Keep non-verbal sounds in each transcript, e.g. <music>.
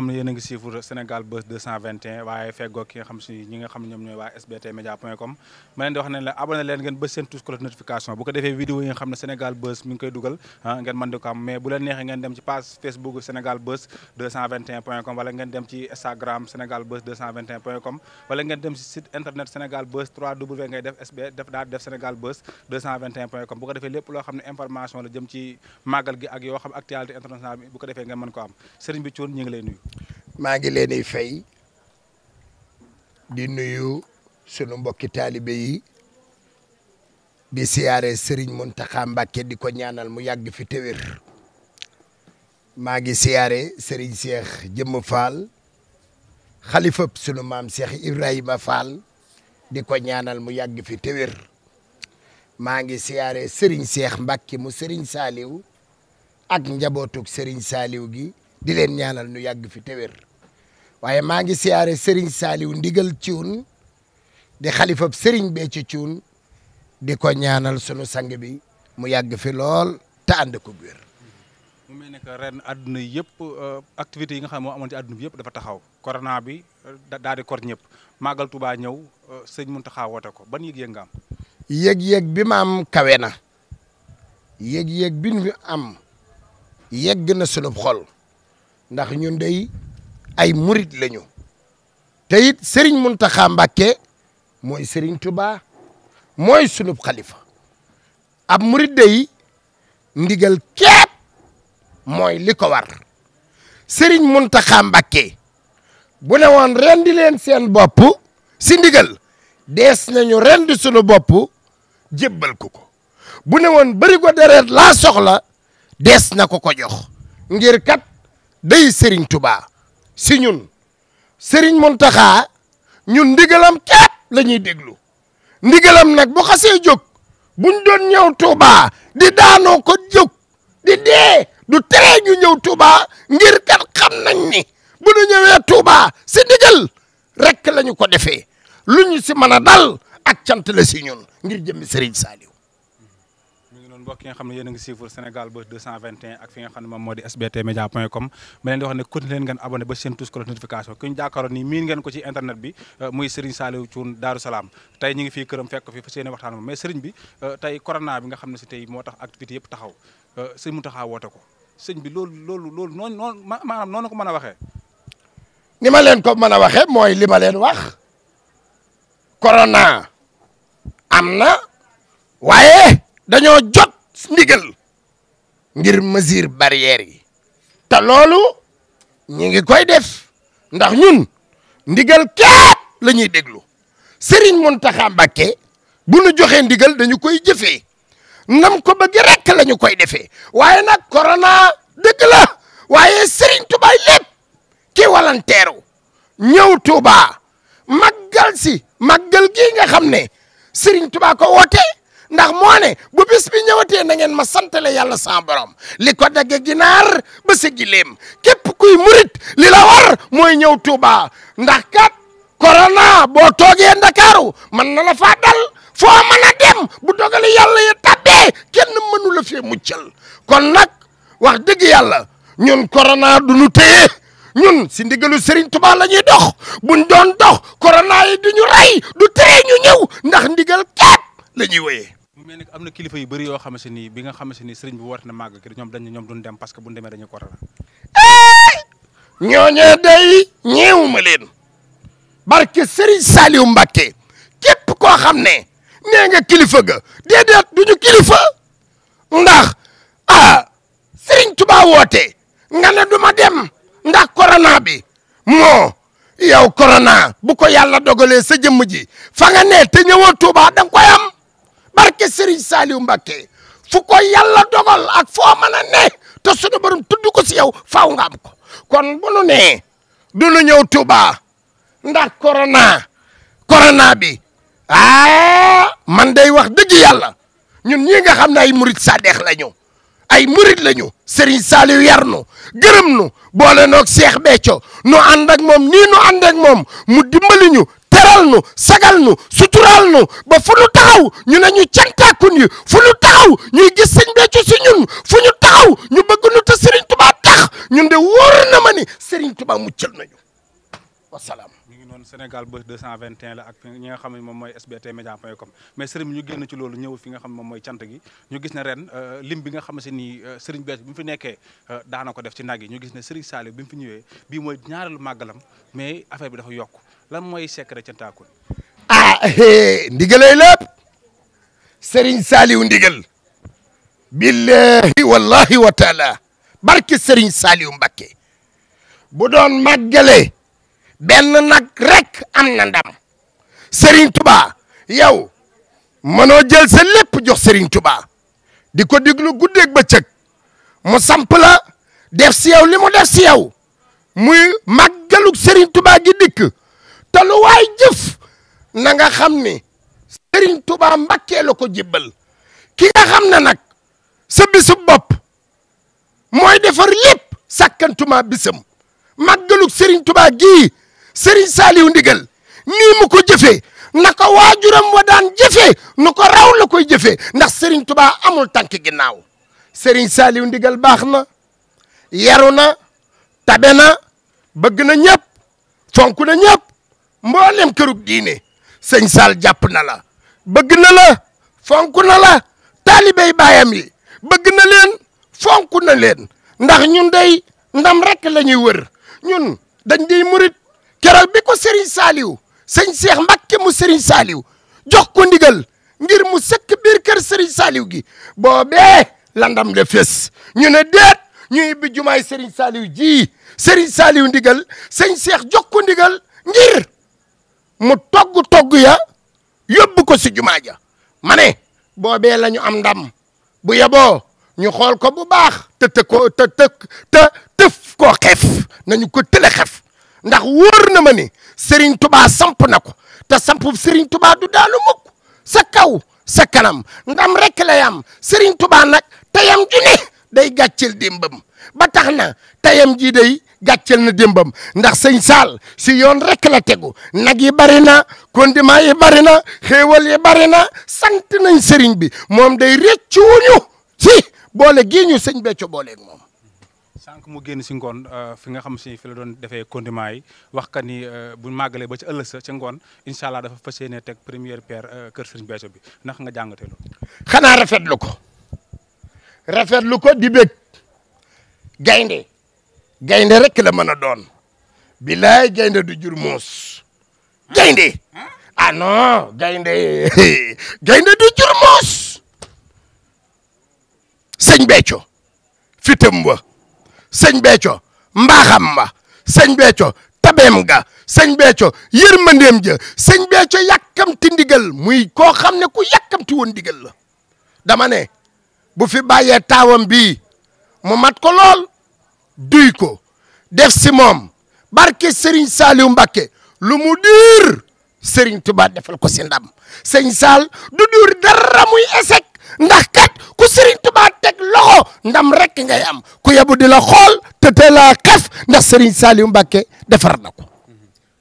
xam Sénégal Buzz waaye feggoog xam si xam ñoom ñooy waa sbt media point com ma leen di wax ne la abonné leen ngeen bës seen touche cloche notification bu ko defee vidéo yi xam ne Sénégal Buzz mi koy dugal ah, ngeen mën ko am bu ko defee lépp loo xam ne information la jëm ci màggal gi ak yoo xam actualité internationale bu ko defee ngeen mën ko am sëriñ bi Thioune ñu lay nuyu maa ngi leen di fay di nuyu sunu mbokki taalibe yi di siyaare Serigne Mountakha Mbacké di ko ñaanal mu yàgg fi téwér maa gi siyaare Serigne Cheikh Jëmm Fall xalifab sunu maam Cheikh Ibrahima Fall di ko ñaanal mu yàgg fi téwér maa ngi siyaare Serigne Cheikh Mbacké mu Serigne saaliw ak njabootug Serigne saaliw gi di leen ñaanal nu yàgg fi te wér waaye maa ngi siyaare Serigne Saliou ndigal Thioune di xalifab Serigne Béthio Thioune di ko ñaanal sunu sang bi mu yàgg fi lool te ànd ko wér. mu mel ne que ren adduna yëpp euh, activités yi nga xam ne moo amoon ci adduna bi yëpp dafa taxaw. corona bi euh, daal di kor ñëpp màggal Tuubaa ñëw euh, sëñ Muntaxa woote ko ban yëg-yëg nga am. bi ma am kawe na yëg-yëg bi ñu am yegg na sunu xol. ndax ñun day ay murit lañu te it sëriñ Muntaxa Mbàkke mooy sëriñ Tuubaa mooy sunub xalifa ab murit day ndigal képp mooy li ko war sëriñ Muntaxa Mbàkke bu ne woon rendi leen seen bopp si ndigal dees nañu rendi sunu bopp jébbal ko ko bu ne woon bëri ko deret laa soxla dees na ko ko jox ngir kat day Serigne Touba si ñun Serigne Mountakha ñun ndigalam képp la ñuy déglu ndigalam nag bu xasee bu ñu doon ñëw Touba di daanoo ko jóg di dee du tere ñu ñëw Touba ngir kat xam nañ ni bu ñu ñëwee Touba si ndigal rek la ko defee lu ñu si mën a dal ak cant la si ñun ngir jëmmi Serigne Saliou mbokk yi nga xam ne yéen a ngi suivre Sénégal Buzz 221 ak fi nga xam ne moo di sbt média point com ma leen di wax ne continué leen ngeen abonné ba seen tous cloche notification ku ñu jàkkaaroon miin ngeen ko ci internet bi euh, muy Serigne Saliou Thioune Darou Salaam tey ñu ngi fii këram fekk fi fa seeni waxtaan moom mais Serigne bi euh, tey corona bi nga xam ne si tey moo tax euh, woote ko sëñ bi loolu loolu loolu noonu ko mën a waxee ko mën a mooy li wax ndigal ngir mesure barrière yi te loolu ñu ngi koy def ndax ñun ndigal képp la ñuy déglu Serigne Mountakha Mbacké bu nu joxee ndigal dañu koy jëfee nam ko bëgg rek la ñu koy defe waaye nag korona dëgg la waaye Serigne Touba lépp ki walanteeru ñëw Touba màggal si màggal gi nga xam ne Serigne Touba ko woote ndax moo bu bis bi ñëwatee na ngeen ma santale yàlla sa borom li ko dagge ginaar ba sa gileem kuy murit li la war mooy ñëw Touba ndax kat corona boo toogee Ndakaaru mën na la faa dal foo mën a dem bu dogale yàlla ya tabbee kenn mënu la fee muccal kon nag wax dëgg yàlla ñun corona du nu téye ñun si ndigalu Serigne Touba la ñuy dox buñ doon dox yi du ñu rey du tere ñu ñëw ndax ndigal képp la ñuy wéyee mu mel am na kilifa yu bëri yoo xamante ni bi nga xamante ni sëriñ bi woote na màgg ki ñoom dañ ñoom duñ dem ko rara day ñeewuma leen barke Serigne Saliou Mbacké képp koo xam ne nee nga kilifa ga déedéet duñu kilifa ndax ah Serigne Touba woote nga ne du ma dem ndax corona bi moo yow corona bu ko yàlla dogalee sa jëmm ji fa nga ne te ñëwoo Touba da koy am barke Serigne Saliou Mbacké fu ko yàlla ak foo mën a ne te suñu borom tudd ko si yow faaw nga am ko kon bu nu nee ñëw Touba ndax corona corona bi ah man day wax dëgg yàlla ñun ñii nga xam ne ay murit sadeex la ñu ay murit la ñu Serigne Saliou yar nu gërëm nu boole noog Cheikh Béthio nu ànd ak moom nu ànd ak moom mu dimbali ñu teral nu sagal nu sutural nu ba fu nu taxaw ñu ne ñu cantaakun yi fu nu taxaw ñuy gis sëñ beccu si ñun fu ñu taxaw nu ni Serigne Touba muccal nañu wasalaam. la ak ñi nga xam ne moom mooy sbtmedia.com mais Serigne ñu génn ci loolu ñëw fi nga xam ne moom mooy cant gi ñu gis ne ren euh, lim bi nga xam ne nii euh, Serigne Bethio bi fi nekkee euh, daana ko def ci nag yi ñu gis ne Serigne Saliou bi mu fi ñëwee bii mooy ñaareelu màggalam mais affaire bi dafa yokk lan mooy secret ca taakul ah eh, ndigalay lépp Serigne Saliou ndigal billahi wallahi wa taala barke Serigne Saliou Mbacké bu doon màggale benn nag rek am na ndam Serigne Touba yow mënoo jël sa lépp jox Serigne Touba di ko diglu guddeeg bëccëg mu samp la def si yow li mu def si yow muy màggaluk Serigne Touba gi dikk te waay jëf na nga xam ni Serigne Touba Mbakke la ko jébbal ki nga xam ne nag sa bisub bopp mooy defar lépp sàkkantuma bisam màggalug Serigne Touba gii Serigne Saliou ndigal nii mu ko jëfee na wa daan jëfee nu raw la koy ndax Serigne Touba amul tànk ginnaaw Serigne Saliou ndigal baax na yaru na tabe na bëgg na ñëpp fonk na ñëpp. mboolem kërug diine sëñ Saal jàpp na la bëgg na la fonk na la taalibey baayam yi bëgg na leen fonk na leen ndax ñun day ndam rek la ñuy wër ñun dañ day murit keroog bi ko Serigne Saliou sëñ Seex Mbàkke mu Serigne Saliou jox ko ngir mu sëkk biir kër Serigne gi boobee la ndam la fés ñu ne déet ñuy bi jumaay Serigne Saliou ji Serigne Saliou ndigal sëñ Seex jox ko ngir mu togg togg ya yóbbu ko si jumaa ja ma ne boobee la ñu am ndam bu yeboo ñu xool ko bu baax te te ko te te te tëf koo xef nañu ko tële xef ndax wóor na ma ni Serigne Touba samp na ko te samp Serigne Touba du daalu mukk sa kaw sa kanam ndam rek lay am Serigne Touba nag tayam ju ne day gàcceel démbam ba tax na tayam ji day gàccel na démbam ndax sëñ Saal si yoon rek la tegu nag yi bari na condiment yi bari na xéewal yi bari na sant nañ sëriñ bi moom day rëccu wuñu si boole gii ñu sëñ becco booleeg moom. sànq mu génn si ngoon euh, fi nga xam si fi la doon defee condiment yi wax ka ni euh, bu màggalee ba ci ëllëg sa ci ngoon incha allah fa fas yéene teg première pierre euh, kër sëriñ becco bi ndax nga jàngatee loolu. xanaa lu ko rafetlu ko di bëgg gaynde gaynde rek la mën doon bilaay gaynde du jur moos gaynde ah non gaynde <laughs> gaynde du jur moos sëñ Béthio fitam ba sëñ Béthio mbaaxam ba sëñ Béthio tabeem ga sëñ Béthio yërmandeem ja sëñ Béthio yàkkamti ndigal muy koo xam ne ku yàkkamti woon ndigal la damane ne bu fi bàyyee taawam bii mu mat ko lool duy ko def si moom barke Serigne Saliou Mbacké lu mu diir Serigne Touba defal ko si ndam sëñ Sall du duur dara muy échec ndax kat ku Serigne Touba teg loxo ndam rek ngay am ku yebu di la xool te teel a xef ndax Serigne Saliou Mbacké defar na ko.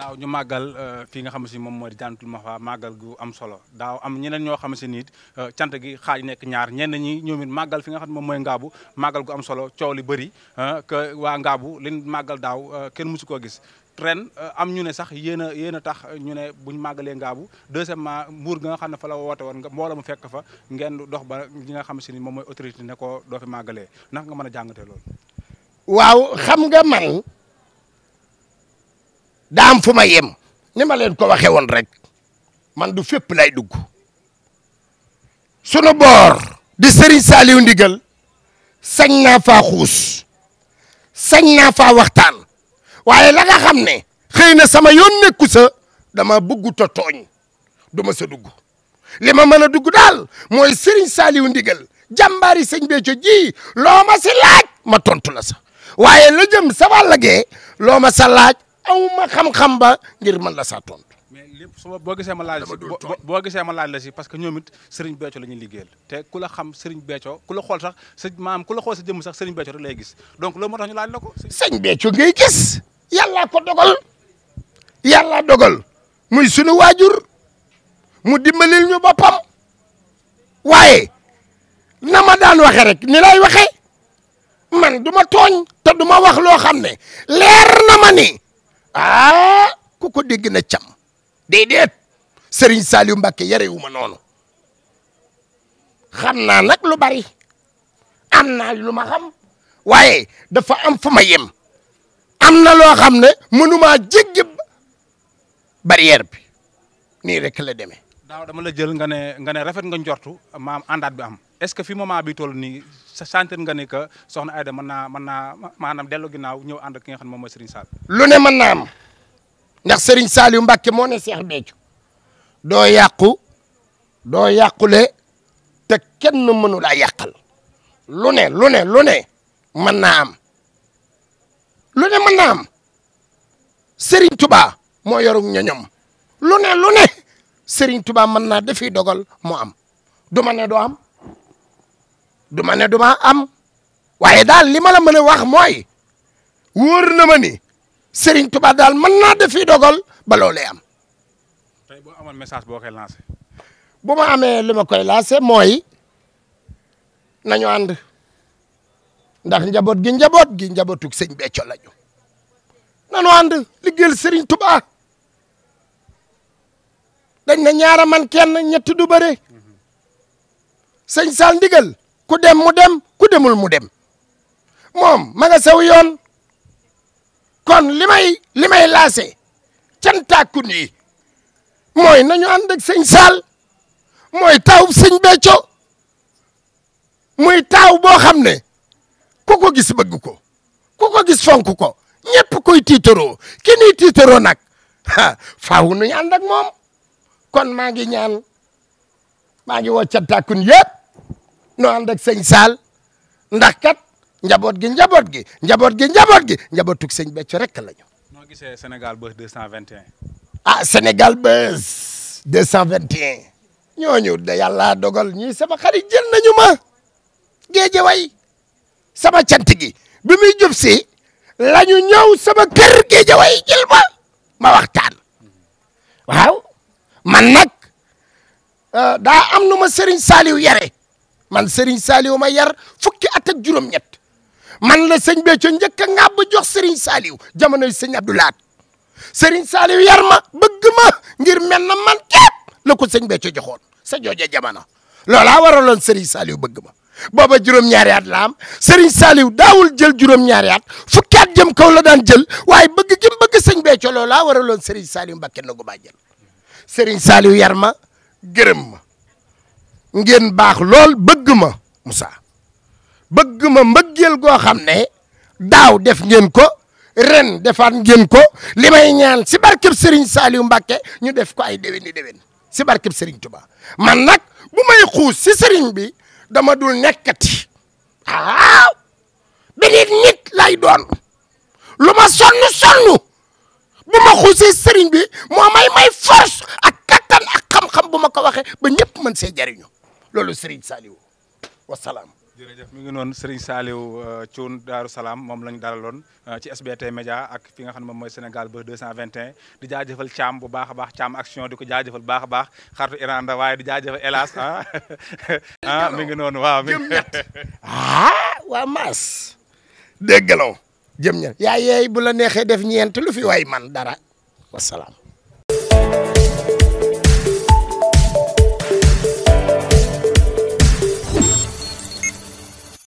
daaw ñu màggal euh, fii nga xam si moom mooy jantul ma fa màggal gu am solo daaw am ñeneen ñoo xam si nit euh, cant gi xaaj nekk ñaar ñenn ñi ñoom it màggal fi nga xam ne moom mooy ngaabu màggal gu am solo coow li bëri euh, que waa ngaabu lin màggal daaw kenn musu koo gis ren am ñu ne sax yéen a yéen a tax ñu ne buñ màggalee ngaabu deuxièmement mbuur ga nga xam ne fa la woote woon mbooloo mu fekk fa ngeen dox ba li nga xam si ni moom mooy autorité ne ko doo màggalee ndax nga mën a jàngatee loolu waaw xam nga man daa am fu ma yem ni ma leen ko waxee woon rek man du fépp lay dugg sunu boor di Serigne Saliou Ndigal sañ naa faa xuus sañ naa faa waxtaan waaye la nga xam ne xëy na sama yoon nekku sa dama bëggut a tooñ du ma sa dugg li ma mën a dugg daal mooy Serigne Saliou Ndigal jàmbaari sëñ Béthio ji loo ma si laaj ma tontu la sa waaye la jëm sa wàllagee loo ma sa laaj awma xam-xam ba ngir mën la saa tontu. mais lépp su boo gisee ma laaj la boo gisee ma laaj la parce que ñoom it Serigne Béthio la ñuy liggéeyal te ku la xam Serigne Béthio ku la xool sax sa maam ku la xool sa jëmm sax Serigne Béthio rek lay gis donc loolu moo tax ñu laaj ko. sëñ Béthio ngay gis yàllaa ko dogal yàllaa dogal muy sunu waajur mu dimbalil ñu boppam waaye na ma daan waxe rek ni lay waxe man du ma tooñ te du ma wax loo xam ne leer na ma ni. ah ku ko dégg na cam déedéet Serigne Saliou Mbacke ma noonu xam naa nag lu bari am naa lu ma xam waaye dafa am fu ma yem am na loo xam ne mënumaa jéggi barrière bi nii rek la demee. daaw dama la jël nga ne nga ne rafet nga njortu maam àndaat bi am est-ce que fi moment bi toll nii sentir nga ni que soxna Aida mën naa mën naa maanaam dellu ginnaaw ñëw ànd ak ki nga xam ne moom lu ne mën naa am ndax Serigne Saliou mbakke moo ne seex Béthio doo yàqu doo yàqule te kenn mënu laa yàqal lu ne lu ne lu ne mën naa am lu ne mën naa am Serigne Touba moo yorug ñoñom lu ne lu ne Serigne Touba mën naa defi dogal moo am du ma ne doo am. du ma ne du am waaye daal li ma mën a wax mooy wóor na ma ni Serigne Touba daal mën naa def fi dogal ba loolee am. tey boo amoon message boo koy lancé. bu ma amee li ma koy lancé mooy nañu ànd ndax njaboot gi njaboot gi njabootug sëñ Béthio lañu nanu ànd liggéeyal Serigne dañ na ñaara man kenn ñett du bëre mhm. sëñ Sall ku dem mu dem ku demul mu dem moom ma nga yoon kon limay limay laase cantaakun yi mooy nañu ànd ak sëñ Saal mooy taaw sëñ Bécco muy taaw boo xam ne ku ko gis bëgg ko ku ko gis fonk ko ñëpp koy tiitaroo ki nii tiitaroo nag ah faaw nu ñu ànd moom kon maa ngi ñaan maa ngi woo cantaakun yëpp. no ànd ak sëñ Saal ndax kat njaboot gi njaboot gi njaboot gi njaboot gi njabootug sëñ Béthio rek la ñu. noo gisee Sénégal Buzz 221. ah Sénégal Buzz 221 ñooñu da yàlla dogal ñii sama xarit jël nañu ma géeje way sama cant gi bi muy jub si la ñu ñëw sama kër géeje way jël ma ma waaw man nag ah, daa am nu ma Serigne Saliou yare man Serigne Saliou ma yar fukki at ak juróom-ñett man la sëñ Béthio njëkk a ŋàbb jox Serigne Saliou jamonoy sëñ Abdou laat Serigne Saliou yar ma bëgg ma ngir mel man képp la ko sëñ Béthio joxoon sa jooja jamono loolaa loon Serigne Saliou bëgg ma. booba juróom-ñaari at la am Serigne Saliou daawul jël juróom-ñaari at fukki at jëm kaw la daan jël waaye bëgg gi bëgg sëñ Béthio loolaa loon Serigne Saliou Mbacké nagu baa jël Serigne Saliou yar ma gërëm ngeen baax lool bëgg ma Moussa bëgg ma mbëggeel goo xam ne daaw def ngeen ko ren defaat ngeen ko li may ñaan si barkeb sëriñ Saliou Mbacke ñu def ko ay déwéni déwén si barkeb Serigne Touba man nag bu may xuus si sëriñ bi dama dul nekkati waaw beneen nit lay doon lu ma sonn sonn bu ma xuusee Serigne bi moo may may force ak kattan ak xam-xam bu ma ko waxe ba ñëpp mën see jariñu loolu Serigne Saliou wasalaam. jërëjëf mi ngi noon Serigne Saliou euh, Thioune Daaru Salaam moom la ñu loon euh, ci SBT Média ak fi nga xam ne moom mooy Sénégal ba 221 di jaajëfal Thiam bu baax a baax Thiam action di ko jaajëfal baax a baax xartu Iranda waaye di jaajëfal hélas ah. <laughs> ah mi ngi noonu waaw mi ngi. <laughs> ah waa Maas. déggaloo jëm ñett yaa yeey bu la neexee def ñeent lu fi waay man dara wasalaam.